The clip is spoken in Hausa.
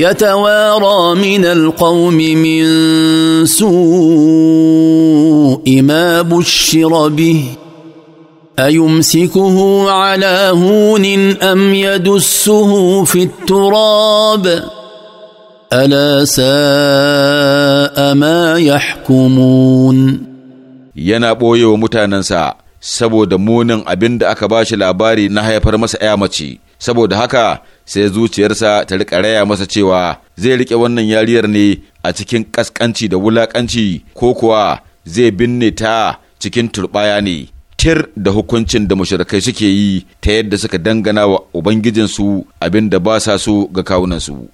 يتوارى من القوم من سوء ما بشر به ايمسكه على هون ام يدسه في التراب الا ساء ما يحكمون yana يوم متانا saboda munin abin da aka bashi labari na haifar masa ya mace saboda haka sai zuciyarsa ta riƙa raya masa cewa zai riƙe wannan yariyar ne a cikin ƙasƙanci da wulaƙanci ko kuwa zai binne ta cikin turɓaya ne tir da hukuncin da mushrikai suke yi ta yadda suka dangana wa ubangijinsu abin da ba sa so ga kawunansu